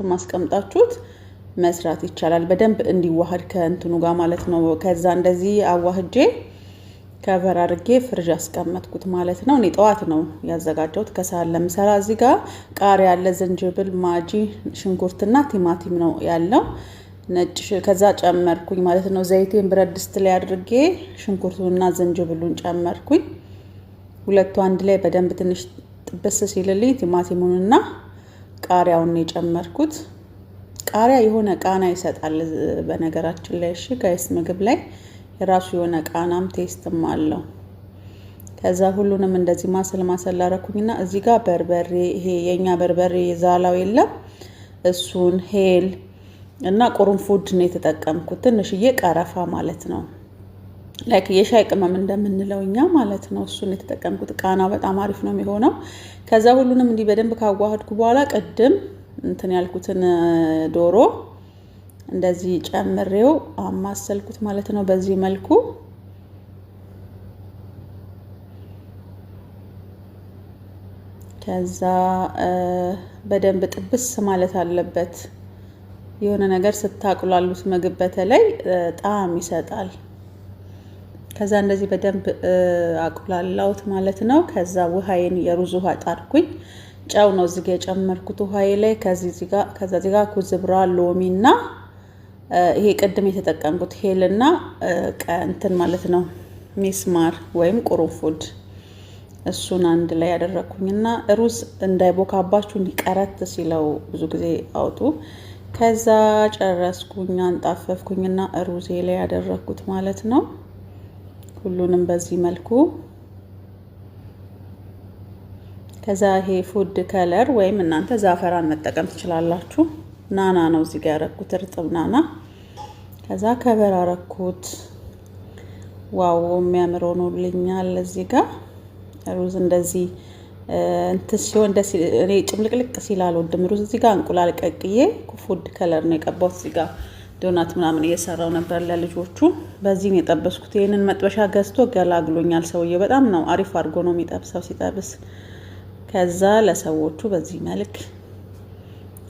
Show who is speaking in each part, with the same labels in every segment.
Speaker 1: በማስቀምጣችሁት መስራት ይቻላል። በደንብ እንዲዋሃድ ከእንትኑ ጋር ማለት ነው። ከዛ እንደዚህ አዋህጄ ከቨር አድርጌ ፍርጅ አስቀመጥኩት ማለት ነው። እኔ ጠዋት ነው ያዘጋጀሁት ከሰዓት ለምሰራ። እዚህ ጋር ቃሪያ ያለ ዝንጅብል፣ ማጂ፣ ሽንኩርትና ቲማቲም ነው ያለው ነጭ። ከዛ ጨመርኩኝ ማለት ነው። ዘይቴን ብረት ድስት ላይ አድርጌ ሽንኩርቱንና ዝንጅብሉን ጨመርኩኝ። ሁለቱ አንድ ላይ በደንብ ትንሽ ጥብስ ሲልልኝ ቲማቲሙንና ቃሪያውን የጨመርኩት። ቃሪያ የሆነ ቃና ይሰጣል። በነገራችን ላይ እሺ ጋይስ ምግብ ላይ የራሱ የሆነ ቃናም ቴስትም አለው። ከዛ ሁሉንም እንደዚህ ማሰል ማሰል አረኩኝና እዚህ ጋር በርበሬ ይሄ የእኛ በርበሬ ዛላው የለም እሱን ሄል እና ቁርንፉድ ነው የተጠቀምኩት። ትንሽዬ ቀረፋ ማለት ነው። ላይክ የሻይ ቅመም እንደምንለው እኛ ማለት ነው። እሱን የተጠቀምኩት ቃና በጣም አሪፍ ነው የሚሆነው። ከዛ ሁሉንም እንዲህ በደንብ ካዋህድኩ በኋላ ቅድም እንትን ያልኩትን ዶሮ እንደዚህ ጨምሬው አማሰልኩት ማለት ነው። በዚህ መልኩ ከዛ በደንብ ጥብስ ማለት አለበት። የሆነ ነገር ስታቁላሉት ምግብ በተለይ ጣዕም ይሰጣል። ከዛ እንደዚህ በደንብ አቁላላውት ማለት ነው። ከዛ ውሃዬን የሩዝ ውሃ ጣርኩኝ። ጨው ነው እዚጋ የጨመርኩት ውሃዬ ላይ። ከዛ ዚጋ ኩዝብራ ሎሚ እና ይሄ ቅድም የተጠቀምኩት ሄልና ቀንትን ማለት ነው ሚስማር ወይም ቁሩፉድ እሱን አንድ ላይ ያደረግኩኝና ሩዝ እንዳይቦካባችሁ እንዲቀረት ሲለው ብዙ ጊዜ አውጡ። ከዛ ጨረስኩኝ፣ አንጣፈፍኩኝና ሩዜ ላይ ያደረግኩት ማለት ነው። ሁሉንም በዚህ መልኩ ከዛ ይሄ ፉድ ከለር ወይም እናንተ ዛፈራን መጠቀም ትችላላችሁ። ናና ነው እዚህ ጋር ያረኩት እርጥብ ናና። ከዛ ከበር አረኩት። ዋው የሚያምር ሆኖልኛል። እዚህ ጋር ሩዝ እንደዚህ እንትን ሲሆን እኔ ጭምልቅልቅ ሲል አልወድም ሩዝ። እዚህ ጋር እንቁላል ቀቅዬ ፉድ ከለር ነው የቀባሁት እዚህ ጋር ዶናት ምናምን እየሰራው ነበር ለልጆቹ። በዚህ የጠበስኩት። ይህንን መጥበሻ ገዝቶ ገላግሎኛል ሰውዬ። በጣም ነው አሪፍ አድርጎ ነው የሚጠብሰው ሲጠብስ። ከዛ ለሰዎቹ በዚህ መልክ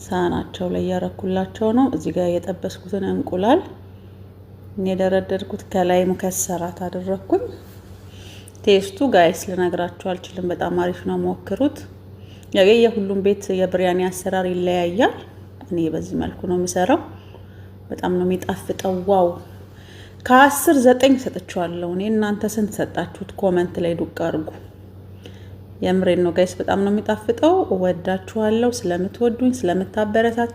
Speaker 1: ሳህናቸው ላይ እያረኩላቸው ነው። እዚህ ጋር የጠበስኩትን እንቁላል የደረደርኩት ከላይ ሙከሰራት አደረግኩኝ። ቴስቱ ጋይስ ልነግራችሁ አልችልም። በጣም አሪፍ ነው፣ ሞክሩት። የሁሉም ቤት የብሪያኒ አሰራር ይለያያል። እኔ በዚህ መልኩ ነው የምሰራው። በጣም ነው የሚጣፍጠው። ዋው ከአስር ዘጠኝ ሰጥቼዋለሁ እኔ። እናንተ ስንት ሰጣችሁት? ኮመንት ላይ ዱቅ አድርጉ። የምሬን ነው ጋይስ፣ በጣም ነው የሚጣፍጠው። እወዳችኋለሁ ስለምትወዱኝ ስለምታበረታቱ